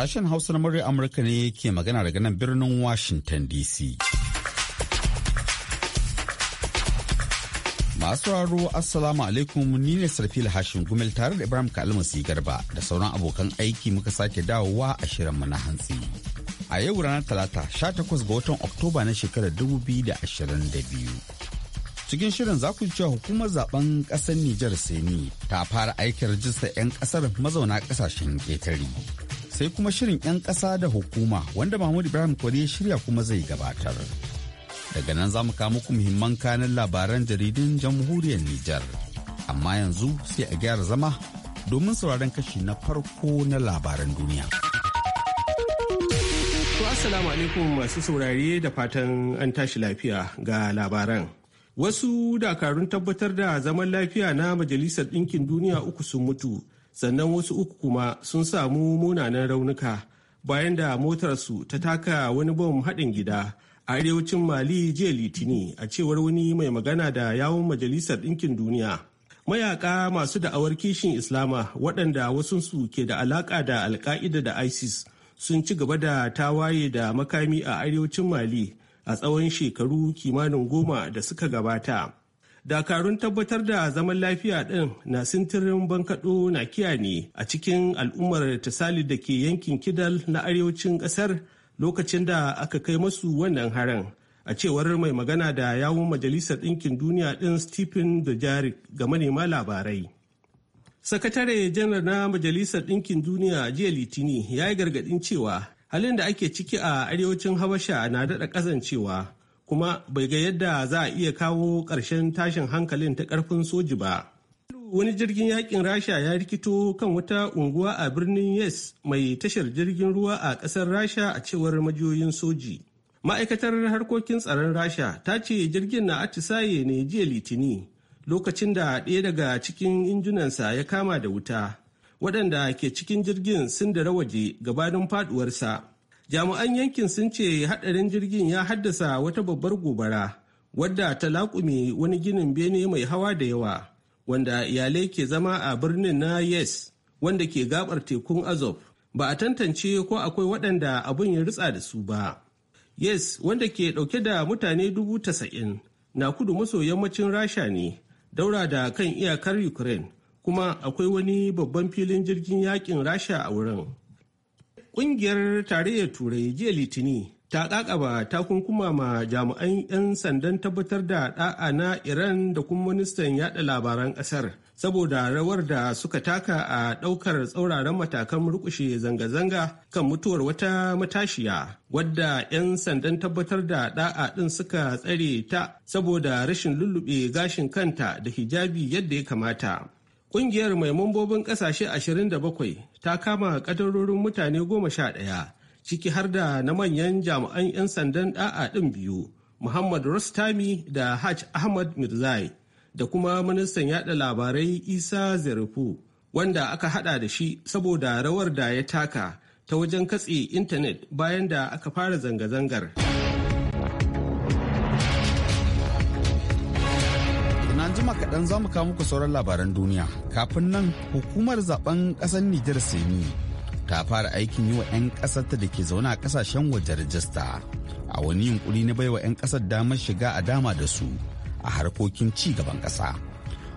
Sashen Hausa na murya Amurka ne ke magana daga nan birnin Washington DC. Masu raro Assalamu alaikum ni ne Sarfil Hashim Gumel tare da Ibrahim Kalmasi Garba da sauran abokan aiki muka sake dawowa a shirinmu na hantsi. A yau ranar Talata 18 ga watan Oktoba na shekarar 2022. cikin shirin za ku cewa hukumar zaben kasar Nijar Seni ta fara aikin rajistar 'yan kasar mazauna kasashen ketare. sai kuma shirin 'yan ƙasa da hukuma wanda Mahmud Ibrahim Kwari ya shirya kuma zai gabatar. Daga nan za mu kawo muku muhimman kanin labaran jaridun jamhuriyar Nijar. Amma yanzu sai a gyara zama domin sauraron kashi na farko na labaran duniya. Assalamu alaikum masu saurare da fatan an tashi lafiya ga labaran. Wasu dakarun tabbatar da zaman lafiya na Majalisar Ɗinkin Duniya uku sun mutu sannan wasu uku kuma sun samu munanan raunuka bayan da motarsu ta taka wani bom haɗin gida a arewacin mali jiya litini a cewar wani mai magana da yawon majalisar ɗinkin duniya mayaka masu da'awar kishin islama waɗanda wasunsu ke da alaƙa da alka'ida da isis sun ci gaba da tawaye da makami a arewacin mali a tsawon shekaru kimanin goma da suka gabata dakarun tabbatar da zaman lafiya ɗin na sintirin bankaɗo na kiya ne a cikin al'ummar tasali da ke yankin kidal na arewacin ƙasar lokacin da aka kai masu wannan harin a cewar mai magana da yawun majalisar Dinkin duniya ɗin stephen dujarik ga manema labarai sakatare janar na majalisar ɗinkin duniya jiya litini ya yi gargaɗin cewa halin da ake ciki a arewacin habasha na daɗa ƙazancewa kuma bai ga yadda za a iya kawo ƙarshen tashin hankalin ta ƙarfin soji ba. Wani jirgin yakin Rasha ya rikito kan wata unguwa a birnin Yes mai tashar jirgin ruwa a ƙasar Rasha a cewar majiyoyin soji. Ma'aikatar harkokin tsaron Rasha ta ce jirgin na atisaye ne jiya litini lokacin da ɗaya daga cikin injunansa ya kama da wuta. Waɗanda ke cikin jirgin sun da rawaje gabanin faɗuwarsa. jami'an yankin sun ce hadarin jirgin ya haddasa wata babbar gobara wadda ta laƙume wani ginin bene mai hawa da yawa wanda iyalai ke zama a birnin na yes wanda ke gabar tekun azov ba a tantance ko akwai waɗanda abin ya ritsa da su ba yes wanda ke ɗauke da mutane dubu tasa'in na kudu maso yammacin rasha ne daura da kan iyakar ukraine kuma akwai wani babban filin jirgin yakin rasha a wurin Ƙungiyar Tarayyar Turai jiya Litini ta ƙaƙaba kunkuma ma jami'an 'yan sandan tabbatar da ɗa'a na Iran da kuma ministan yaɗa labaran ƙasar saboda rawar da suka taka a ɗaukar tsauraran matakan murƙushe zanga-zanga kan mutuwar wata matashiya wadda 'yan sandan tabbatar da ɗa'a ɗin suka tsare ta saboda rashin lullube gashin kanta da hijabi yadda ya kamata. Ƙungiyar mai mambobin ƙasashe 27 ta kama ƙadarorin mutane 11 ciki har da na manyan jami'an 'yan sandan ɗa'a ɗin biyu, Muhammad Rostami da Hajj Ahmad Mirzai da kuma ministan yada labarai Isa Zarifu wanda aka hada da shi saboda rawar da ya taka ta wajen katse intanet bayan da aka fara zanga-zangar. an jima kaɗan za mu kawo muku sauran labaran duniya. Kafin nan hukumar zaben ƙasar Nijar Seni ta fara aikin yi wa 'yan ƙasarta da ke zaune a ƙasashen waje rajista. A wani yunkuri na baiwa 'yan ƙasar damar shiga a dama da su a harkokin ci gaban ƙasa.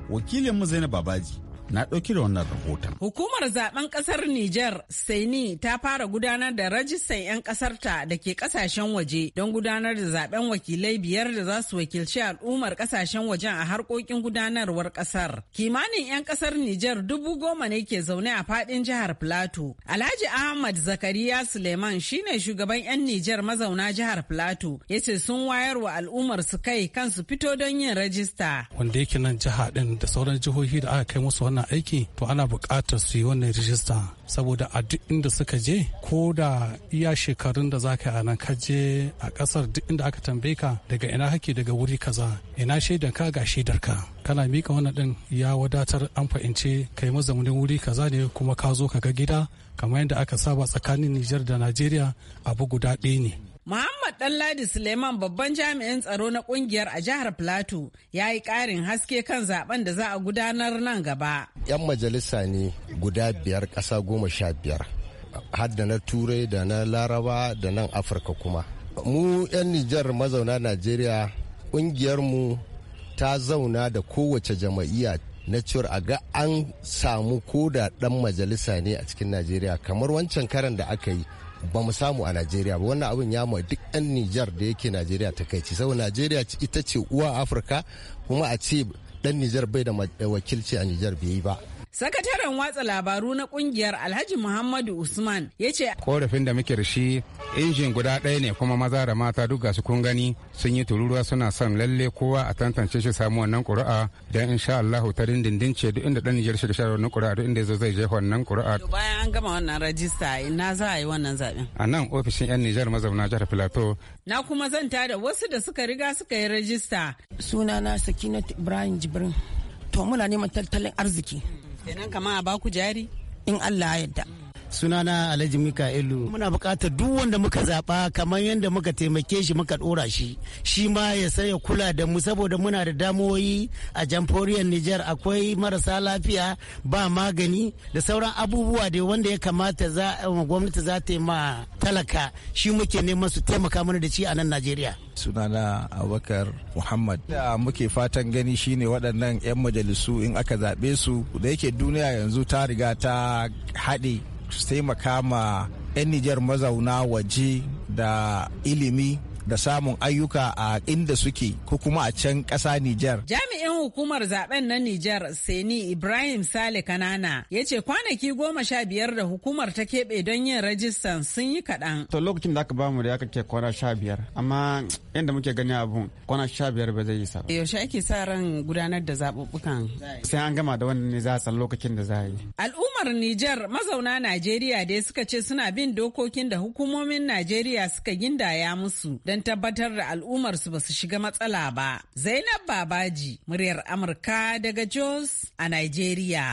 wakilinmu Zainab Babaji na ɗauki da wannan rahoton. Hukumar zaben ƙasar Nijar Saini ta fara gudanar da rajistan 'yan ƙasarta da ke ƙasashen waje don gudanar da zaben wakilai biyar da za su wakilci al'ummar ƙasashen wajen a harkokin gudanarwar ƙasar. Kimanin 'yan ƙasar Nijar dubu goma ne ke zaune a faɗin jihar Plateau. Alhaji Ahmad Zakariya Suleiman shine shugaban 'yan Nijar mazauna jihar Plateau ya ce sun wayar wa al'ummar su kai kansu fito don yin rajista. Wanda yake nan jiha ɗin da sauran jihohi da aka kai musu wannan wannan aiki to ana buƙatar su yi wannan rijista saboda a duk inda suka je ko da iya shekarun da za zaka a nan kaje a ƙasar duk inda aka tambaye ka daga ina hake daga wuri kaza ina shaidar ka ga shaidar ka kana mika wannan din ya wadatar an fahimci kai mazaunin wuri kaza ne kuma ka zo ka ga gida kamar yadda aka saba tsakanin Nijar da Najeriya abu guda ɗaya ne Muhammad Danladi Suleiman babban jami'in tsaro na kungiyar a jihar Plateau ya yi ƙarin haske kan zaben da za a gudanar nan gaba. 'Yan majalisa ne guda biyar ƙasa goma sha biyar, har na Turai da na Laraba da nan Afirka kuma. Mu 'yan Nijar mazauna Najeriya mu ta zauna da kowace jama'iyya na cewar a ga an samu ko da ɗan majalisa ne a cikin Najeriya kamar wancan karan da aka yi. ba mu samu a najeriya ba wannan abin ya ma duk ɗan nijar da yake najeriya ta kai ci saboda najeriya ita ce uwa afirka kuma a ce dan nijar bai da wakilci a nijar bai yi ba Sakataren watsa labaru na kungiyar Alhaji Muhammadu Usman ya ce korafin da muke rishi injin guda ɗaya ne kuma maza da mata duk gasu kun gani sun yi tururuwa suna son lalle kowa a tantance shi samu wannan ƙuri'a don sha Allahu ta dindindin ce duk inda ɗan Nijar shirya wannan ƙuri'a duk inda ya zo zai je wannan ƙuri'a. Bayan an gama wannan rajista ina za a yi wannan zaɓen. A nan ofishin 'yan Nijar mazauna jihar Filato. Na kuma zan da wasu da suka riga suka yi rajista. Sunana Sakinat Ibrahim Jibrin. To muna neman tattalin arziki. kenan kama a baku jari in Allah ya yarda sunana alhaji mika'ilu muna bukatar duk wanda muka zaɓa kamar yadda muka taimake shi muka ɗora shi shi ma ya saya kula da mu saboda muna da damuwoyi a jamforiyar nijar akwai marasa lafiya ba magani da sauran abubuwa da wanda ya kamata za eh, gwamnati za ta yi ma talaka shi muke neman su taimaka mana da shi a nan najeriya sunana abubakar muhammad da muke fatan gani shine waɗannan 'yan majalisu in aka zaɓe su da yake duniya yanzu ta riga ta haɗe su taimaka ma 'yan Nijar mazauna waje da ilimi da samun ayyuka a inda suke ko kuma a can ƙasa Nijar. Jami'in hukumar zaben na Nijar Seni Ibrahim Sale Kanana ya ce kwanaki goma sha biyar da hukumar ta keɓe don yin rajistan sun yi kaɗan. To lokacin da aka bamu da aka ke kwana sha biyar amma yadda muke gani abun kwana sha biyar ba zai yi sa. Yaushe ake sa ran gudanar da zaɓuɓɓukan? Sai an gama da wani ne za a san lokacin da za a yi. Al'ummar Nijar mazauna Najeriya dai suka ce suna bin dokokin da hukumomin Najeriya suka gindaya musu. don tabbatar da al'ummarsu ba su shiga matsala ba. Zainab Babaji, muryar Amurka daga Jos a Nigeria.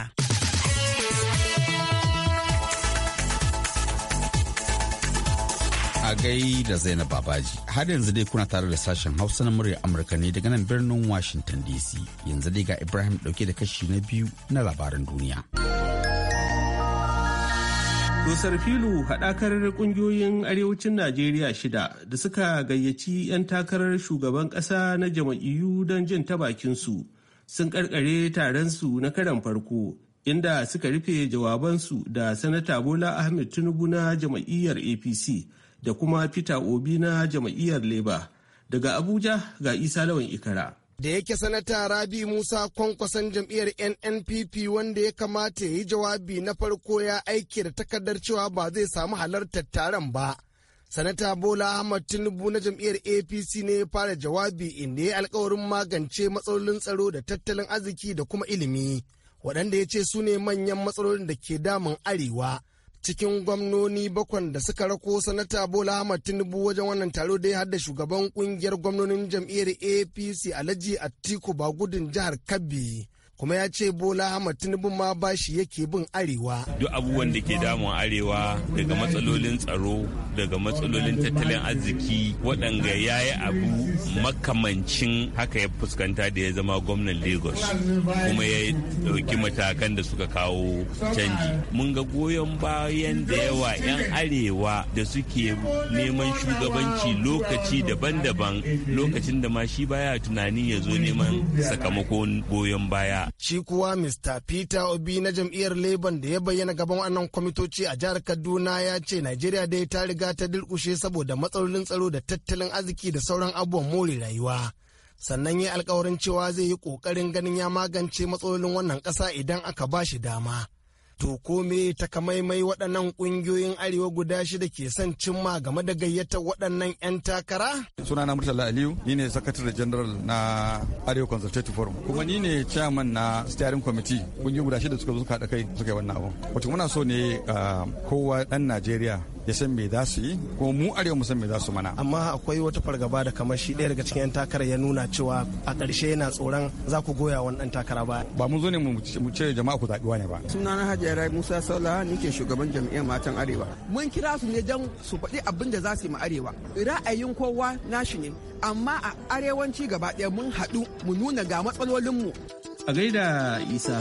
gai da Zainab Babaji. Har yanzu dai kuna tare da sashen Hausa na muryar Amurka ne daga nan birnin Washington DC. Yanzu dai ga Ibrahim dauke da kashi na biyu na labaran duniya. Dosar filu haɗakar ƙungiyoyin arewacin Najeriya shida da suka gayyaci 'yan takarar shugaban ƙasa na jama'iyyu don jin ta bakinsu sun ƙarƙare taronsu na karan farko inda suka rufe jawabansu da sanata Bola Ahmed Tinubu na jama'iyyar APC da kuma Peter Obi na jama'iyyar Labour. Daga Abuja ga Isa Lawan Ikara. da yake sanata rabi musa Kwankwasan jam'iyyar nnpp wanda ya kamata ya yi jawabi na farko ya aiki da takardar cewa ba zai samu halartar taron ba sanata bola ahmad tinubu na jam'iyyar apc ne ya fara jawabi inda ya alkawarin magance matsalolin tsaro da tattalin arziki da kuma ilimi waɗanda ya ce su ne manyan matsalolin da ke damun arewa cikin gwamnoni bakwan da suka rako sanata bola ahmad tinubu wajen wannan taro dai har da shugaban kungiyar gwamnonin jam'iyyar apc alhaji atiku bagudin jihar kabi kuma ya ce bola ahmad tinubu ma bashi yake bin arewa duk abubuwan da ke damun arewa daga matsalolin tsaro daga matsalolin tattalin arziki waɗanga ya yi abu makamancin haka ya fuskanta da ya zama gwamnan lagos kuma ya ɗauki matakan da suka kawo canji mun ga goyon bayan da yawa 'yan arewa da suke neman shugabanci lokaci daban-daban lokacin da ma shi baya tunanin ya zo neman sakamakon goyon baya Shi kuwa Mr. Peter Obi na jam'iyyar Labour da ya bayyana gaban wannan kwamitoci a jihar Kaduna ya ce Najeriya dai ta riga ta dilkushe saboda matsalolin tsaro da tattalin arziki da sauran abubuwan more rayuwa. Sannan ya alkawarin cewa zai yi ƙoƙarin ganin ya magance matsalolin wannan ƙasa idan aka ba shi dama. To kome takamaimai waɗannan ƙungiyoyin arewa guda shida ke son cimma game da gayyatar waɗannan 'yan takara? Suna na Murtala Aliyu, ni ne sakatare general na Arewa Consultative Forum. Kuma ni ne chairman na steering committee. Ƙungiyoyin guda shida suka zo suka haɗa kai suka yi wannan abu. Wato muna so ne ah, kowa ɗan Najeriya ya san me za su yi ko mu arewa mu san me za su mana amma akwai wata fargaba da kamar shi ɗaya daga cikin 'yan takara ya nuna cewa a ƙarshe yana tsoron za ku goya wani ɗan takara ba ba mu zo ne mu ce jama'a ku zaɓi ne ba Suna hajiya rai musa saula ni ke shugaban jam'iyyar matan arewa mun kira su ne don su faɗi abin da za su yi ma arewa ra'ayin kowa nashi ne amma a arewanci gaba ɗaya mun haɗu mu nuna ga matsalolinmu a gaida isa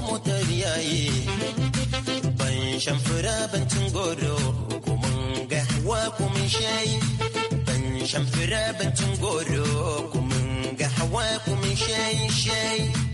mu ta riyaye ban shan fura ban cin goro ko mun ga hawa ko mun shayi ban shan fura ban goro ko mun ga hawa ko mun shayi shayi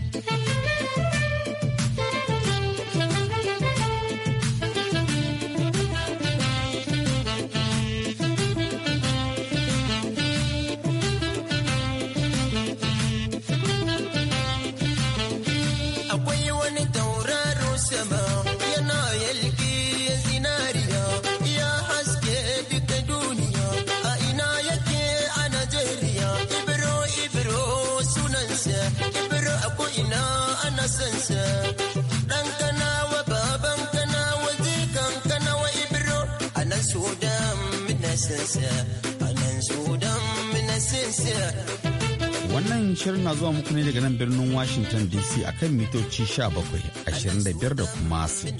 wannan shirin na zuwa muku ne daga nan birnin Washington DC akan mitoci 17, da kuma 60.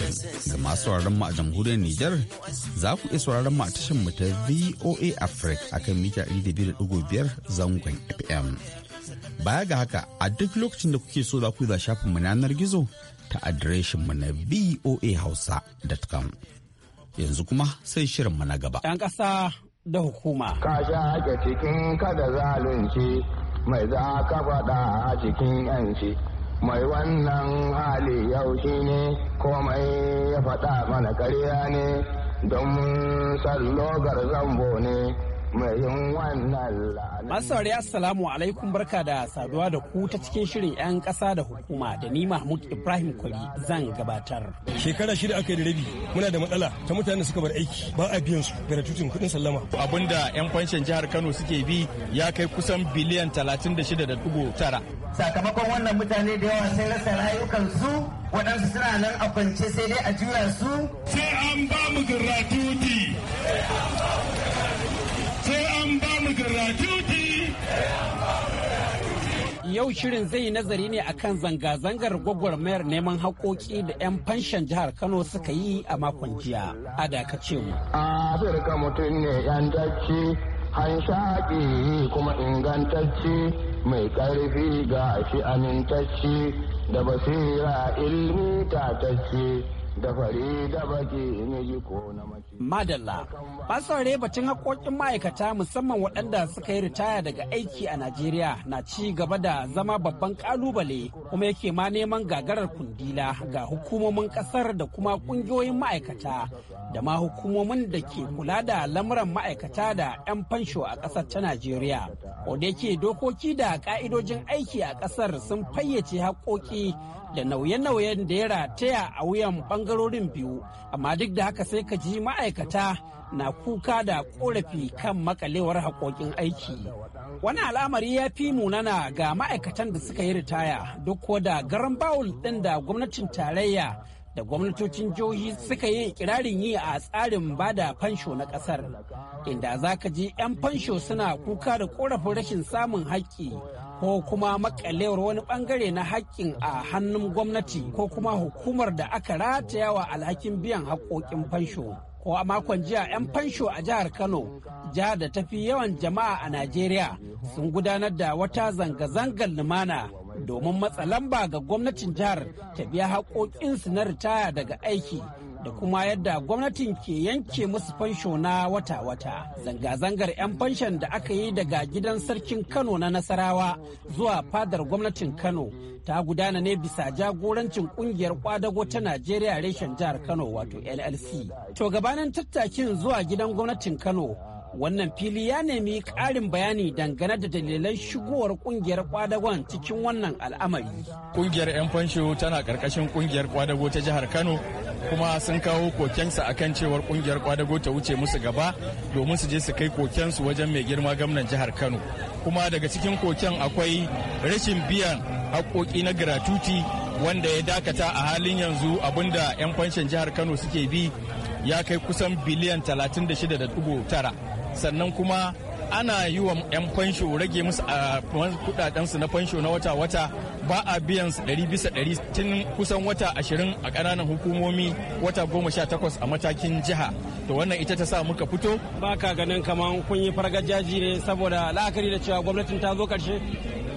Ga masu sauraron mu a jamhuriyar Nijar, za ku iya sauraron mu a tashin mu ta VOA Africa akan mita 200.5 zangon FM. Baya ga haka, a duk lokacin da kuke so za ku za shafin mu yanar gizo ta adireshin mu na voahausa.com. Yanzu kuma sai shirin mu na gaba. 'Yan kasa da hukuma. Ka sha cikin kada zalunci mai za ka faɗa a cikin yanci mai wannan hali yau shi ne komai ya faɗa mana karya ne don logar zambo ne Masauri Assalamu alaikum barka da saduwa da ku ta cikin shirin 'yan ƙasa da hukuma da ni Mahmud Ibrahim Kwari zan gabatar. Shekara shida aka yi da rabi muna da matsala ta mutane da suka bar aiki ba a biyan su tutun kuɗin sallama. Abun da 'yan fanshin jihar Kano suke bi ya kai kusan biliyan talatin da tara. Sakamakon wannan mutane da yawa sai rasa su waɗansu suna nan a kwance sai dai a jura su. Sai an ba mu gratuity. Yau shirin zai yi nazari ne akan zanga-zangar gwagwarmayar neman haƙoƙi da 'yan fanshan jihar Kano suka yi a makon jiya. A dakace mu. Afirka mutum ne 'yan dace, hanshaƙi kuma ingantacce. mai ƙarfi ga shi amintacce da basira ilmi tatacce da fare batun haƙoƙin ma'aikata musamman waɗanda suka yi ritaya daga aiki a Najeriya na ci gaba da zama babban ƙalubale kuma yake ma neman gagarar kundila ga hukumomin ƙasar da kuma ƙungiyoyin ma'aikata da ma hukumomin da ke kula da lamuran ma'aikata da 'yan fansho a ƙasar ta Najeriya. yake dokoki da ƙa'idojin aiki a ƙasar sun fayyace haƙoƙi da nauye-nauyen da ya rataya a wuyan bangarorin biyu amma duk da haka sai ka ji ma'aikata na kuka da korafi kan makalewar haƙoƙin aiki wani al'amari ya fi munana ga ma'aikatan da suka yi ritaya duk da garan bawul ɗin da gwamnatin tarayya da gwamnatocin jihohi suka yi kirarin yi a tsarin bada fansho na kasar inda za ka ji 'yan fansho suna kuka da korafin rashin samun haƙƙi ko kuma makalewar wani bangare na hakkin a hannun gwamnati ko kuma hukumar da aka rataya wa alhakin biyan haƙoƙin fansho. Ko a makon jiya 'yan fansho a jihar Kano, jihar da tafi yawan jama'a a Najeriya sun gudanar da wata zanga-zangar lumana domin matsa lamba ga gwamnatin jihar ta biya haƙoƙinsu na ritaya daga aiki da kuma yadda gwamnatin ke yanke musu fansho na wata-wata. Zanga-zangar 'yan fanshon da aka yi daga gidan sarkin Kano na Nasarawa zuwa fadar gwamnatin Kano ta gudana ne bisa jagorancin kungiyar kwadago ta Najeriya reshen jihar Kano wato LLC. To gabanin tattakin zuwa gidan gwamnatin Kano wannan fili ya nemi ƙarin bayani dangane da dalilan shigowar kungiyar kwadagon cikin wannan al'amari. Kungiyar 'yan fansho tana ƙarƙashin kungiyar kwadago ta jihar Kano kuma sun kawo kokensa akan cewar kungiyar kwadago ta wuce musu gaba domin su je su kai kokensu wajen mai girma gwamnan jihar kano kuma daga cikin koken akwai rashin biyan haƙoƙi na gratuity wanda ya dakata a halin yanzu abinda 'yan fanshen jihar kano suke bi ya kai kusan biliyan 36.9 sannan kuma ana yi wa 'yan fansho rage musu a kudadensu na fansho na wata-wata ba a biyan su ɗari bisa ɗari tun kusan wata ashirin a kananan hukumomi wata goma sha takwas a matakin jiha to wannan ita ta sa muka fito ba ka ganin kaman kun yi fargajaji ne saboda la'akari da cewa gwamnatin ta zo ƙarshe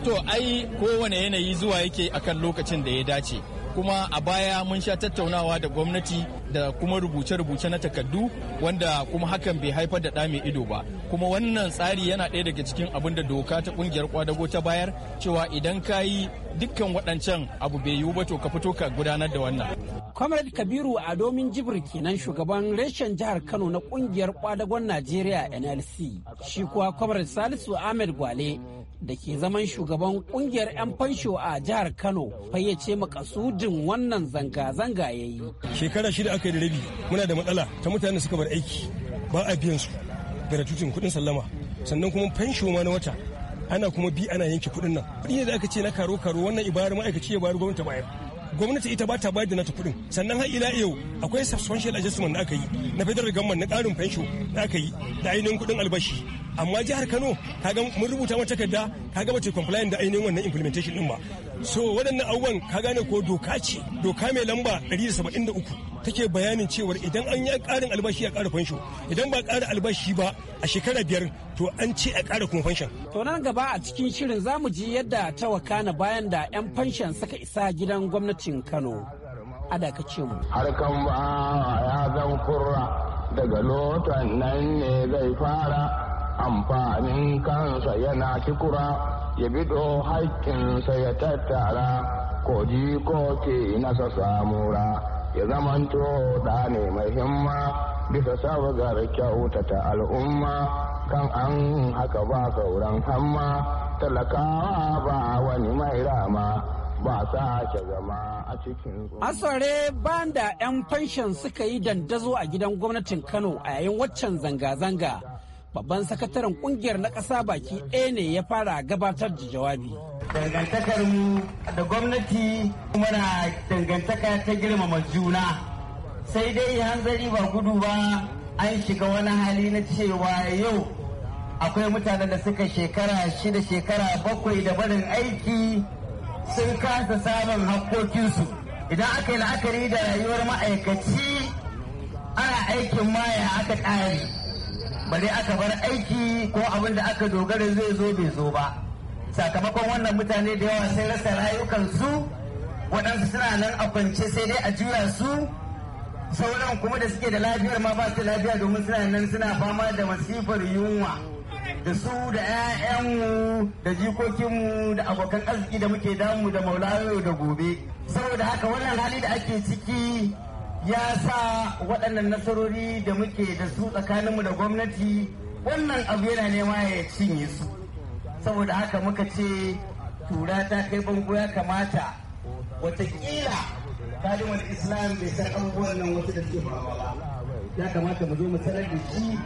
to ai kowane yanayi zuwa yake akan lokacin da ya dace kuma a baya mun sha tattaunawa da gwamnati da kuma rubuce-rubuce na takaddu wanda kuma hakan bai haifar da dame ido ba kuma wannan tsari yana ɗaya daga cikin abin da doka ta kungiyar kwadago ta bayar cewa idan ka yi dukkan waɗancan abu bai yiwu ba to ka fito ka gudanar da wannan. comrade kabiru a domin jibir kenan shugaban reshen jihar kano na kungiyar kwadagon najeriya nlc shi kuwa comrade salisu ahmed gwale da ke zaman shugaban kungiyar 'yan fansho a jihar Kano fayyace makasudin wannan zanga-zanga ya yi. Shekara shida aka yi da rabi muna da matsala ta mutane suka bar aiki ba a biyan su gratuitin kuɗin sallama sannan kuma fansho ma na wata ana kuma bi ana yanke kuɗin nan. kudin da aka ce na karo-karo wannan ibarar ma'aikaci ya bayar gwamnati bayar. gwamnati ita ba ta bayar da nata kuɗin sannan har ila yau akwai substantial adjustment da aka yi na federal government na ƙarin fensho da aka yi da ainihin kuɗin albashi amma jihar Kano kaga mun rubuta mata takarda kaga ba ta compliant da ainihin wannan implementation din ba so waɗannan abubuwan ka gane ko doka ce doka mai lamba 173 take bayanin cewar idan an ya ƙarin albashi a ƙara fansho idan ba ƙara albashi ba a shekara biyar to an ce a ƙara kuma fanshon. to nan gaba a cikin shirin za mu ji yadda ta wakana bayan da 'yan fanshon suka isa gidan gwamnatin kano a da ce mu. harkan ba ya zan kurra daga lotan nan ne zai fara amfanin kansa yana kikura. ya bido haƙƙinsa ya tattara koji ko ke nasa samura ya zamanto da ne mai himma bisa kyauta kyautata al'umma kan an haka ba sauran hamma talakawa ba wani mai rama ba sake zama a cikin asare banda 'yan fanshin suka yi dandazo a gidan gwamnatin kano a yayin waccan zanga-zanga babban sakataren kungiyar na ƙasa baki ɗaya ne ya fara gabatar da jawabi. Dangantakar mu da gwamnati Kuma na dangantaka ta girmama juna. Sai dai hanzari ba gudu ba an shiga wani hali na cewa yau akwai mutanen da suka shekara shida shekara bakwai da barin aiki sun kasa samun hakkokinsu. Idan aka yi la'akari da rayuwar ma'aikaci ana aikin maya aka ƙare. bale aka bar aiki ko abin da aka dogara zai zo bai zo ba sakamakon wannan mutane da yawa sai rasa rayukansu waɗansu suna nan a kwance sai dai a jura su sauran kuma da suke da lafiyar ma ba su lafiya domin suna nan suna fama da masifar yunwa da su da 'ya'yanmu da jikokinmu da abokan arziki da muke damu da maulayo da gobe saboda haka wannan hali da ake ciki ya sa waɗannan nasarori da muke da su tsakaninmu da gwamnati wannan abu yana nema ya cinye su saboda haka muka ce tura ta kai bango ya kamata watakila kalimar islam bai san abubuwan nan wasu da suke faruwa ya kamata mu zo mu sanar da shi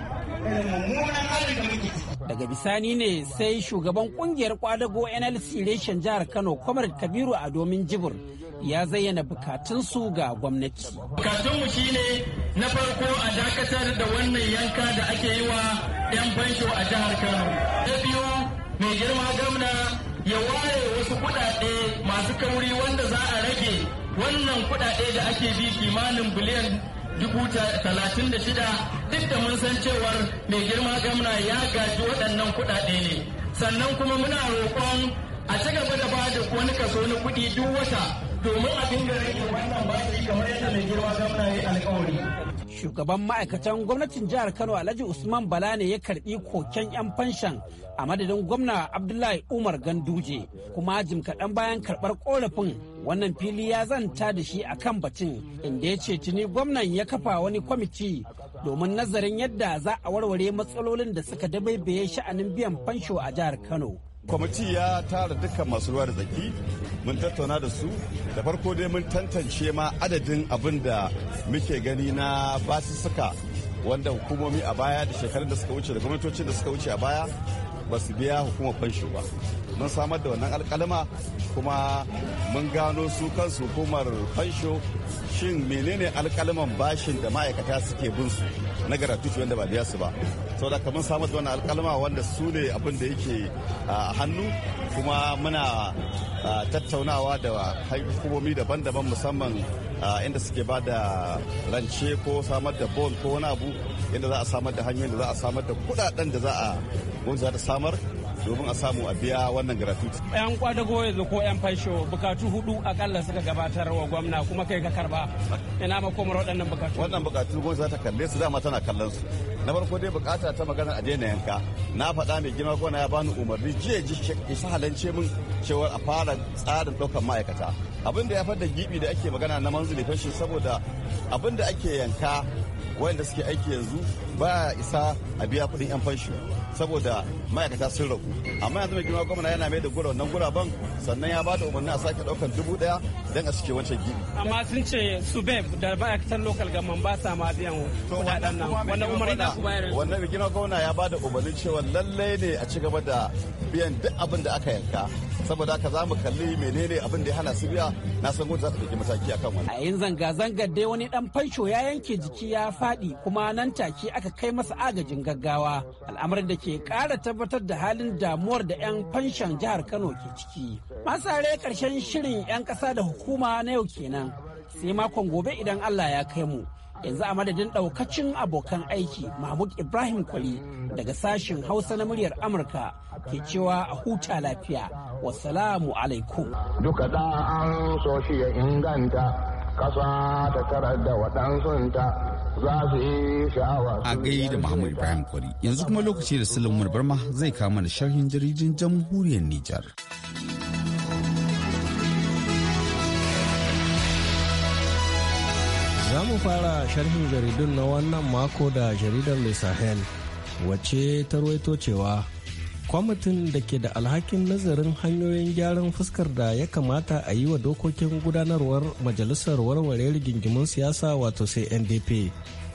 Daga bisani ne sai shugaban kungiyar kwadago NLC reshen jihar Kano Kwamar Kabiru a domin jibur. ya zayyana bukatunsu ga gwamnati. Bukatunmu shi ne na farko a dakatar da wannan yanka da ake yi wa 'yan fansho a jihar Kano. Na biyu mai girma gamna ya ware wasu kuɗaɗe masu kauri wanda za a rage wannan kuɗaɗe da ake bi kimanin biliyan dubu talatin da shida duk da mun san cewar mai girma gamna ya gaji waɗannan kuɗaɗe ne sannan kuma muna roƙon a ci gaba da ba da wani kaso na kuɗi duk wata domin a dinga rage wannan bashi kamar yadda mai girma gwamna ya alkawari. Shugaban ma'aikatan gwamnatin jihar Kano Alhaji Usman Bala ne ya karbi koken 'yan fanshan a madadin gwamna Abdullahi Umar Ganduje kuma jim kaɗan bayan karɓar ƙorafin wannan fili ya zanta da shi a kan batun inda ya ce tuni gwamnan ya kafa wani kwamiti domin nazarin yadda za a warware matsalolin da suka dabaibaye sha'anin biyan fansho a jihar Kano. kwamiti ya tara dukkan masu ruwa da tsaki mun tattauna da su da farko dai mun tantance ma adadin abin da muke gani na basussuka wanda hukumomi a baya da shekarun da suka wuce da gwamnatocin da suka wuce a baya ba su biya hukumar fansho ba mun samar da wannan alkalama kuma mun gano su kansu hukumar fansho shin menene alkalaman bashin da ma'aikata suke bin su na garatuci wanda ba biya su ba da kamar samar da wani alkalama wanda su ne da yake a hannu kuma muna tattaunawa da hukumomi daban-daban musamman inda suke ba da rance ko samar da bon ko wani abu inda za a samar da hanyoyin da za a samar da kudaden da za a gwamnati za samar domin a samu a biya wannan gratuity. Yan kwadago yanzu ko yan fansho bukatu hudu akalla suka gabatar wa gwamna kuma kai ka karba. Ina komar waɗannan bukatu. Wannan bukatu gwamnati za ta kalle su dama tana kallon su. Na farko dai bukata ta magana a daina yanka. Na faɗa mai gina gwamna ya bani umarni jiya ji isa halance min cewa a fara tsarin ɗaukar ma'aikata. Abin da ya fadda gibi da ake magana na manzili fashin saboda abin da ake yanka wayanda suke aiki yanzu ba isa a biya kudin yan fanshi saboda ma'aikata sun ragu amma yanzu mai girma gwamna yana mai da gura wannan guraben sannan ya ba da umarni a sake daukan dubu daya don a cike wancan gini. amma sun ce su bai da ma'aikatan lokal ga ba sa ma biyan kuɗaɗen nan wannan umarni da ku bayar wannan mai girma gwamna ya ba da umarnin cewa lallai ne a ci gaba da biyan duk abin da aka yanka saboda haka za mu kalli menene abin da ya hana su biya na san gudu za ta ɗauki mataki akan wannan. a yin zanga-zangar dai wani dan fansho ya yanke jiki ya faɗi kuma nan take aka aka kai masa agajin gaggawa al'amarin da ke kara tabbatar da halin damuwar da 'yan fanshan jihar kano ke ciki masare karshen shirin 'yan kasa da hukuma na yau kenan sai makon gobe idan allah ya kai mu yanzu a madadin daukacin abokan aiki mahmud ibrahim kwali daga sashen hausa na muryar amurka ke cewa a huta lafiya wasalamu alaikum duka da an so ya inganta Kasa ta tarar da waɗansunta za su yi sha'awa. A gai da Muhammad Ibrahim Kwari yanzu kuma lokaci da Umar Barma zai kama da sharhin jaridin jamhuriyar Nijar. Za mu fara sharhin jaridun na wannan mako da jaridar Le Sahel wacce ta ruwaito cewa kwamitin da ke da alhakin nazarin hanyoyin gyaran fuskar da ya kamata a yi wa dokokin gudanarwar majalisar warware rigingimin siyasa wato sai ndp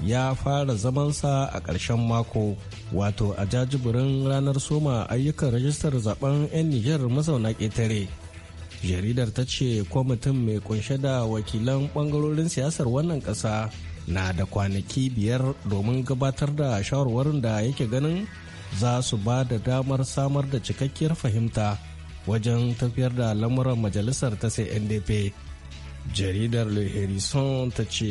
ya fara zamansa a ƙarshen mako wato a jajibirin ranar soma ayyukan rajistar zaben 'yan nijar mazauna ƙetare jaridar ta ce kwamitin mai kunshe da wakilan bangarorin siyasar wannan ƙasa na da kwanaki biyar domin gabatar da shawarwarin da yake ganin za su ba da damar samar da cikakkiyar fahimta wajen tafiyar da lamuran majalisar ta sai ndp jaridar le harrison ta ce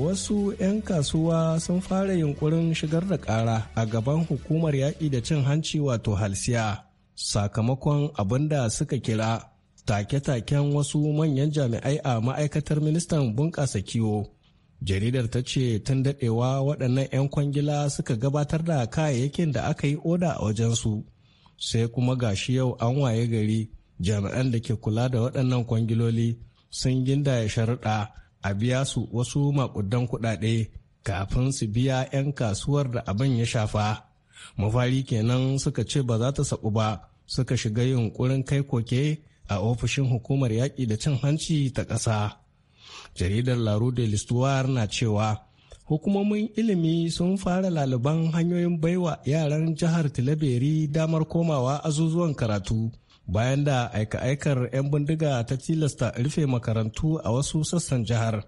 wasu 'yan kasuwa sun fara yunkurin shigar da kara a gaban hukumar yaƙi da cin hanci wato halsiya sakamakon abin da suka kira take-taken wasu manyan jami'ai a ma'aikatar ministan bunƙasa kiwo jaridar ta ce tun daɗewa waɗannan 'yan kwangila suka gabatar da kayayyakin da aka yi oda a wajensu sai kuma gashi yau an waye gari jami'an da ke kula da waɗannan kwangiloli sun ginda ya sharuɗa a biya su wasu maƙudan kuɗaɗe kafin su biya 'yan kasuwar da abin ya shafa mafari kenan suka ce ba za ta saɓu ba suka shiga yunkurin kai koke a ofishin hukumar yaƙi da cin hanci ta ƙasa jaridar laro de l'histoire na cewa hukumomin ilimi sun fara laliban hanyoyin baiwa yaran jihar tilaberi damar komawa azuzuwan karatu bayan da aika-aikar 'yan bindiga ta tilasta rufe makarantu a wasu sassan jihar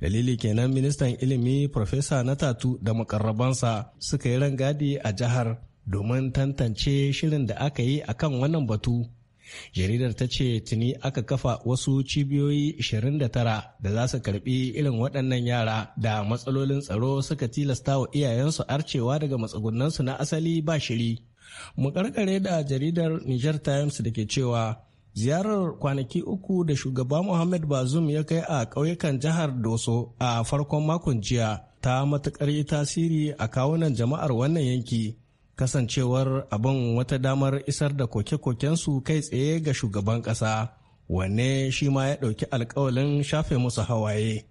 dalili kenan ministan ilimi profesa tatu da makarrabansa suka yi rangadi a jihar domin tantance shirin da aka yi akan wannan batu jaridar ta ce tuni aka kafa wasu cibiyoyi 29 da za su karbi irin waɗannan yara da matsalolin tsaro suka tilasta wa iyayensu arcewa daga matsugunansu na asali ba shiri mu karkare da jaridar niger times da ke cewa ziyarar kwanaki uku da shugaba muhammad bazum ya kai a ƙauyukan jihar doso a farkon makon jiya ta matuƙar yi tasiri a kawunan jama'ar wannan yanki kasancewar abin wata damar isar da koke su kai tsaye ga shugaban ƙasa wanne shi ma ya ɗauki alkawalin shafe musu hawaye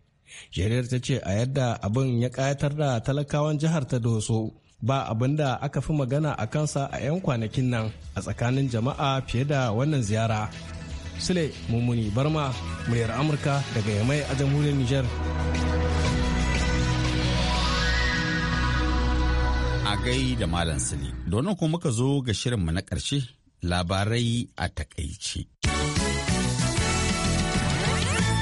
shari'ar ta ce a yadda abin ya ƙayatar da talakawan jihar ta doso ba abin da aka fi magana a kansa a 'yan kwanakin nan a tsakanin jama'a fiye da wannan ziyara sule mummuni barma muryar amurka daga yamai a jamhuriyar nijar. A gai da Malam Sani. Donin kuma muka zo ga shirinmu na ƙarshe labarai a takaice.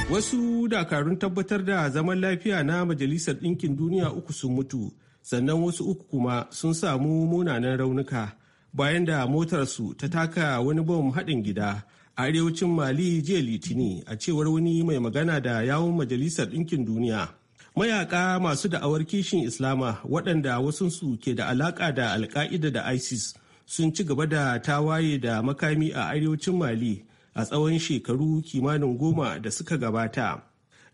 Wasu dakarun tabbatar da zaman lafiya na Majalisar Ɗinkin Duniya uku sun mutu, sannan wasu uku kuma sun samu munanan raunuka bayan da motarsu ta taka wani bom haɗin gida a arewacin Mali jiya Litini a cewar wani mai magana da yawun Majalisar Ɗinkin Duniya. mayaka masu da'awar kishin islama waɗanda wasunsu ke da alaƙa da alka'ida da isis sun ci gaba da tawaye da makami a arewacin mali a tsawon shekaru kimanin goma da suka gabata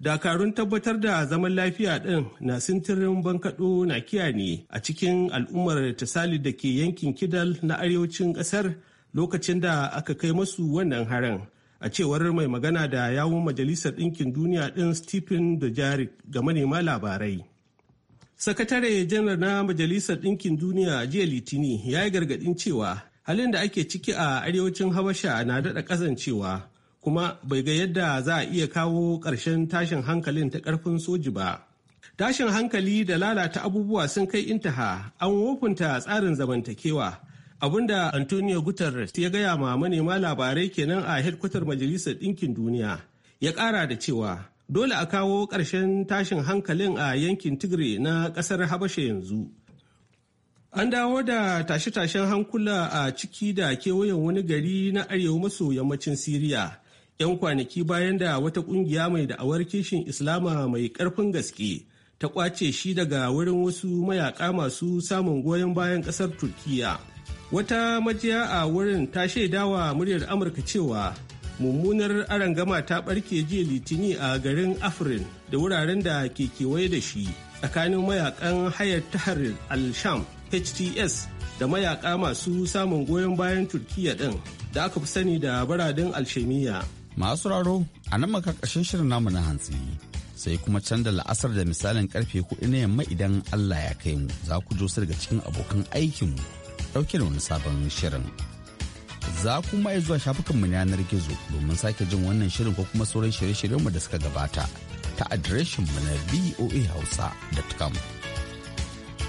dakarun tabbatar da zaman lafiya ɗin na sintirin bankaɗo na kiya ne a cikin al'ummar tasali da ke yankin kidal na arewacin ƙasar lokacin da aka kai masu wannan harin a cewar mai magana da yawun majalisar ɗinkin duniya ɗin stephen jari ga manema labarai sakatare janar na majalisar ɗinkin duniya jiya litini ya yi gargaɗin cewa halin da ake ciki a arewacin habasha na daɗa ƙazancewa kuma bai ga yadda za a iya kawo ƙarshen tashin hankalin ta ƙarfin soji ba tashin hankali da lalata abubuwa sun kai intaha an wofinta tsarin zamantakewa abinda antonio guterres ya gaya ma manema labarai kenan a hedkwatar majalisar ɗinkin duniya ya ƙara da cewa dole a kawo ƙarshen tashin hankalin a yankin tigre na ƙasar habasha yanzu an dawo da tashe-tashen hankula a ciki da kewayen wani gari na arewa maso yammacin siriya 'yan kwanaki bayan da wata ƙungiya mai da'awar kishin islama mai ƙarfin gaske ta kwace shi daga wurin wasu mayaƙa masu samun goyon bayan ƙasar Turkiyya. wata majiya a wurin ta shaidawa muryar amurka cewa mummunar arangama ta barke jiya litini a garin afrin da wuraren da ke kewaye da shi tsakanin mayakan hayar tahrir al hts da mayaka masu samun goyon bayan turkiya din da aka fi sani da baradin alshamiya. masu raro a nan makakashin shirin namu na hantsi sai kuma can da la'asar da misalin karfe kuɗi na yamma idan allah ya kai mu za ku jo daga cikin abokan aikinmu ɗauke da wani sabon shirin. Za ku iya zuwa shafukanmu na yanar gizo domin sake jin wannan shirin ko kuma sauran shirye-shiryenmu da suka gabata ta adireshinmu na voahausa.com.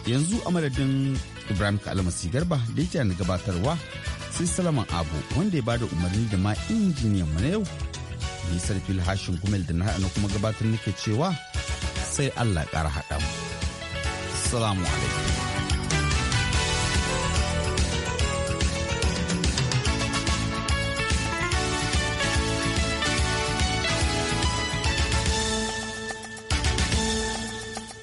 Yanzu a madadin Ibrahim Kalmasi Garba da yake na gabatarwa sai Salaman Abu wanda ya bada umarni da ma injiniyan mu na yau. Nisar fil hashin gumel da na kuma gabatar nake cewa sai Allah ƙara haɗa mu. Salamu alaikum.